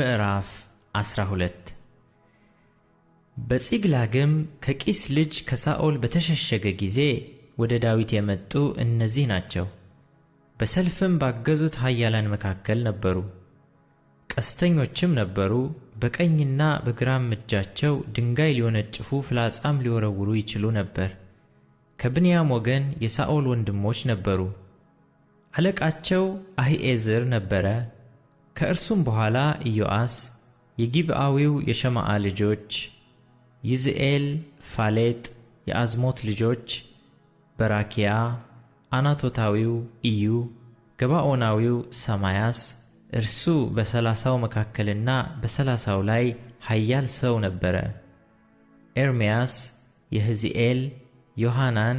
ምዕራፍ 12 በጺቅላግም ከቂስ ልጅ ከሳኦል በተሸሸገ ጊዜ ወደ ዳዊት የመጡ እነዚህ ናቸው። በሰልፍም ባገዙት ኃያላን መካከል ነበሩ። ቀስተኞችም ነበሩ፣ በቀኝና በግራም እጃቸው ድንጋይ ሊወነጭፉ ፍላጻም ሊወረውሩ ይችሉ ነበር። ከብንያም ወገን የሳኦል ወንድሞች ነበሩ። አለቃቸው አሂኤዝር ነበረ። ከእርሱም በኋላ ኢዮአስ የጊብአዊው የሸማዓ ልጆች ይዝኤል፣ ፋሌጥ፣ የአዝሞት ልጆች በራኪያ፣ አናቶታዊው ኢዩ፣ ገባኦናዊው ሰማያስ እርሱ በሰላሳው መካከልና በሰላሳው ላይ ኃያል ሰው ነበረ። ኤርምያስ፣ የሕዚኤል፣ ዮሐናን፣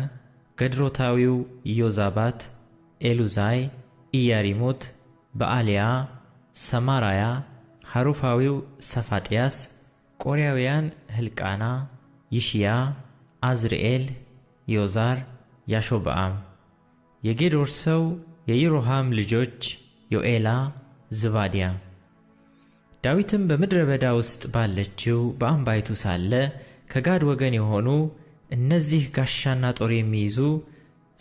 ገድሮታዊው ኢዮዛባት፣ ኤሉዛይ፣ ኢያሪሙት፣ በአልያ ሰማራያ፣ ሐሩፋዊው ሰፋጥያስ፣ ቆሪያውያን ሕልቃና፣ ይሽያ፣ አዝርኤል፣ ዮዛር፣ ያሾብአም። የጌዶር ሰው የይሮሃም ልጆች ዮኤላ፣ ዝባድያ። ዳዊትም በምድረ በዳ ውስጥ ባለችው በአምባይቱ ሳለ ከጋድ ወገን የሆኑ እነዚህ ጋሻና ጦር የሚይዙ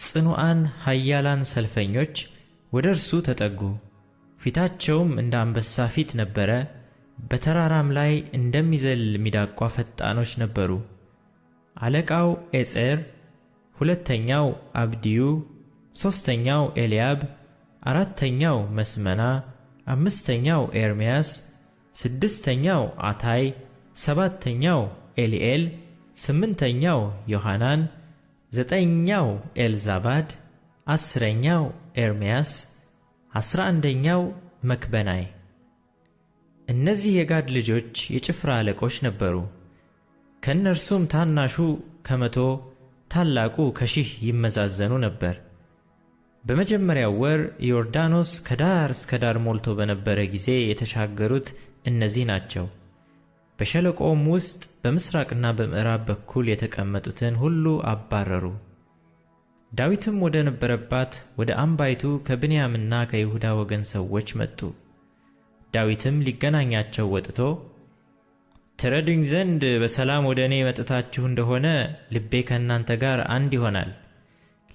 ጽኑዓን ኃያላን ሰልፈኞች ወደ እርሱ ተጠጉ። ፊታቸውም እንደ አንበሳ ፊት ነበረ፣ በተራራም ላይ እንደሚዘል ሚዳቋ ፈጣኖች ነበሩ። አለቃው ኤጼር፣ ሁለተኛው አብድዩ፣ ሦስተኛው ኤልያብ፣ አራተኛው መስመና፣ አምስተኛው ኤርምያስ፣ ስድስተኛው አታይ፣ ሰባተኛው ኤልኤል፣ ስምንተኛው ዮሐናን፣ ዘጠኛው ኤልዛባድ፣ አስረኛው ኤርምያስ አስራ አንደኛው መክበናይ እነዚህ የጋድ ልጆች የጭፍራ አለቆች ነበሩ። ከእነርሱም ታናሹ ከመቶ ታላቁ ከሺህ ይመዛዘኑ ነበር። በመጀመሪያው ወር ዮርዳኖስ ከዳር እስከ ዳር ሞልቶ በነበረ ጊዜ የተሻገሩት እነዚህ ናቸው። በሸለቆውም ውስጥ በምሥራቅና በምዕራብ በኩል የተቀመጡትን ሁሉ አባረሩ። ዳዊትም ወደ ነበረባት ወደ አምባይቱ ከብንያምና ከይሁዳ ወገን ሰዎች መጡ። ዳዊትም ሊገናኛቸው ወጥቶ ትረዱኝ ዘንድ በሰላም ወደ እኔ መጥታችሁ እንደሆነ ልቤ ከእናንተ ጋር አንድ ይሆናል።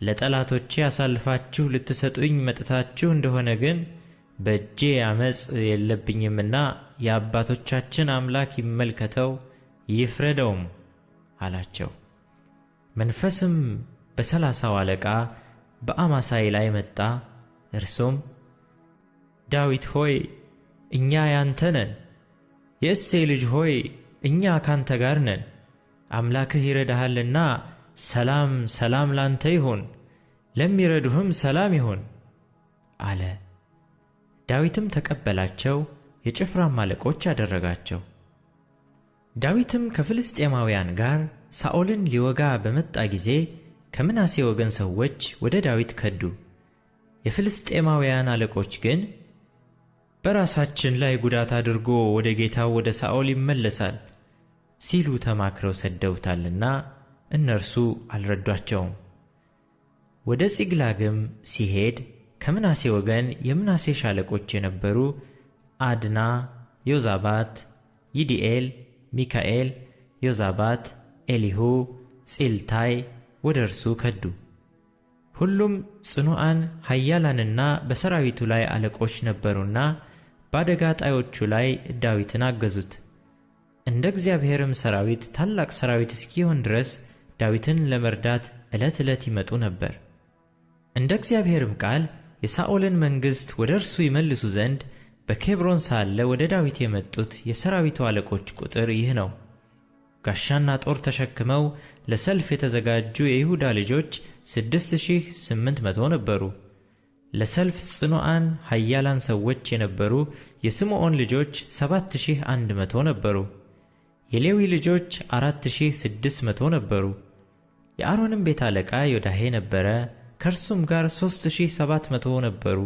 ለጠላቶቼ አሳልፋችሁ ልትሰጡኝ መጥታችሁ እንደሆነ ግን በእጄ አመፅ የለብኝምና የአባቶቻችን አምላክ ይመልከተው ይፍረደውም አላቸው። መንፈስም በሰላሳው አለቃ በአማሳይ ላይ መጣ። እርሱም ዳዊት ሆይ እኛ ያንተ ነን፣ የእሴይ ልጅ ሆይ እኛ ካንተ ጋር ነን፣ አምላክህ ይረዳሃልና ሰላም ሰላም ላንተ ይሁን፣ ለሚረዱህም ሰላም ይሁን አለ። ዳዊትም ተቀበላቸው፣ የጭፍራም አለቆች አደረጋቸው። ዳዊትም ከፍልስጤማውያን ጋር ሳኦልን ሊወጋ በመጣ ጊዜ ከምናሴ ወገን ሰዎች ወደ ዳዊት ከዱ። የፍልስጤማውያን አለቆች ግን በራሳችን ላይ ጉዳት አድርጎ ወደ ጌታው ወደ ሳኦል ይመለሳል ሲሉ ተማክረው ሰደውታልና እነርሱ አልረዷቸውም። ወደ ጺግላግም ሲሄድ ከምናሴ ወገን የምናሴ ሻለቆች የነበሩ አድና፣ ዮዛባት፣ ይዲኤል፣ ሚካኤል፣ ዮዛባት፣ ኤሊሁ፣ ጺልታይ ወደ እርሱ ከዱ። ሁሉም ጽኑዓን ኃያላንና በሰራዊቱ ላይ አለቆች ነበሩና በአደጋ ጣዮቹ ላይ ዳዊትን አገዙት። እንደ እግዚአብሔርም ሰራዊት ታላቅ ሰራዊት እስኪሆን ድረስ ዳዊትን ለመርዳት ዕለት ዕለት ይመጡ ነበር። እንደ እግዚአብሔርም ቃል የሳኦልን መንግሥት ወደ እርሱ ይመልሱ ዘንድ በኬብሮን ሳለ ወደ ዳዊት የመጡት የሰራዊቱ አለቆች ቁጥር ይህ ነው። ጋሻና ጦር ተሸክመው ለሰልፍ የተዘጋጁ የይሁዳ ልጆች 6800 ነበሩ። ለሰልፍ ጽኑዓን ኃያላን ሰዎች የነበሩ የስምዖን ልጆች 7100 ነበሩ። የሌዊ ልጆች 4600 ነበሩ። የአሮንም ቤት አለቃ ዮዳሄ ነበረ፣ ከእርሱም ጋር 3700 ነበሩ።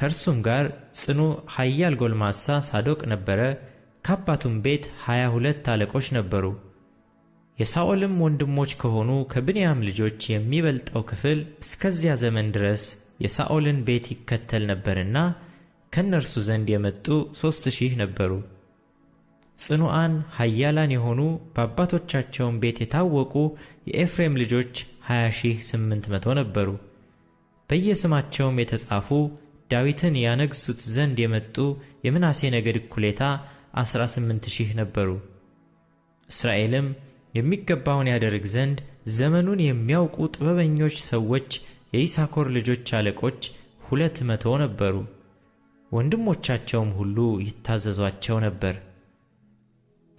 ከእርሱም ጋር ጽኑ ኃያል ጎልማሳ ሳዶቅ ነበረ ከአባቱም ቤት ሀያ ሁለት አለቆች ነበሩ። የሳኦልም ወንድሞች ከሆኑ ከብንያም ልጆች የሚበልጠው ክፍል እስከዚያ ዘመን ድረስ የሳኦልን ቤት ይከተል ነበርና ከእነርሱ ዘንድ የመጡ ሦስት ሺህ ነበሩ። ጽኑዓን ኃያላን የሆኑ በአባቶቻቸውም ቤት የታወቁ የኤፍሬም ልጆች ሀያ ሺህ ስምንት መቶ ነበሩ። በየስማቸውም የተጻፉ ዳዊትን ያነግሡት ዘንድ የመጡ የምናሴ ነገድ እኩሌታ 18 ሺህ ነበሩ። እስራኤልም የሚገባውን ያደርግ ዘንድ ዘመኑን የሚያውቁ ጥበበኞች ሰዎች የይሳኮር ልጆች አለቆች ሁለት መቶ ነበሩ። ወንድሞቻቸውም ሁሉ ይታዘዟቸው ነበር።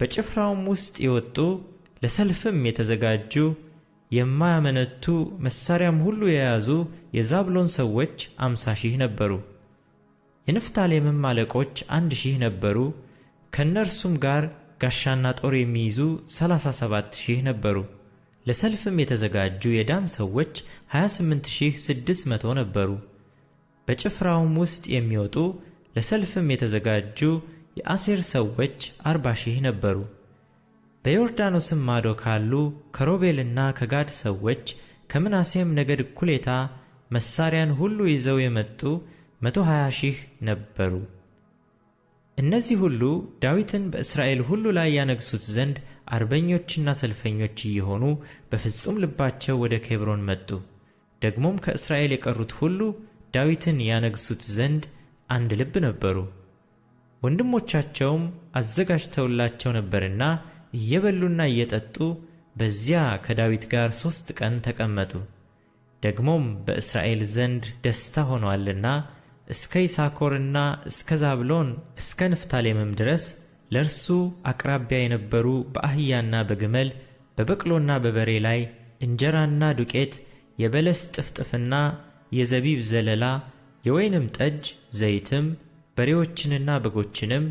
በጭፍራውም ውስጥ የወጡ ለሰልፍም የተዘጋጁ የማያመነቱ መሳሪያም ሁሉ የያዙ የዛብሎን ሰዎች አምሳ ሺህ ነበሩ። የንፍታሌምም አለቆች አንድ ሺህ ነበሩ። ከእነርሱም ጋር ጋሻና ጦር የሚይዙ 37 ሺህ ነበሩ። ለሰልፍም የተዘጋጁ የዳን ሰዎች 28600 ነበሩ። በጭፍራውም ውስጥ የሚወጡ ለሰልፍም የተዘጋጁ የአሴር ሰዎች 40 ሺህ ነበሩ። በዮርዳኖስም ማዶ ካሉ ከሮቤልና ከጋድ ሰዎች ከምናሴም ነገድ እኩሌታ መሳሪያን ሁሉ ይዘው የመጡ 120 ሺህ ነበሩ። እነዚህ ሁሉ ዳዊትን በእስራኤል ሁሉ ላይ ያነግሱት ዘንድ አርበኞችና ሰልፈኞች እየሆኑ በፍጹም ልባቸው ወደ ኬብሮን መጡ። ደግሞም ከእስራኤል የቀሩት ሁሉ ዳዊትን ያነግሱት ዘንድ አንድ ልብ ነበሩ። ወንድሞቻቸውም አዘጋጅተውላቸው ነበርና እየበሉና እየጠጡ በዚያ ከዳዊት ጋር ሦስት ቀን ተቀመጡ። ደግሞም በእስራኤል ዘንድ ደስታ ሆኗልና እስከ ይሳኮርና እስከ ዛብሎን እስከ ንፍታሌምም ድረስ ለእርሱ አቅራቢያ የነበሩ በአህያና በግመል በበቅሎና በበሬ ላይ እንጀራና ዱቄት፣ የበለስ ጥፍጥፍና የዘቢብ ዘለላ፣ የወይንም ጠጅ፣ ዘይትም፣ በሬዎችንና በጎችንም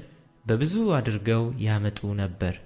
በብዙ አድርገው ያመጡ ነበር።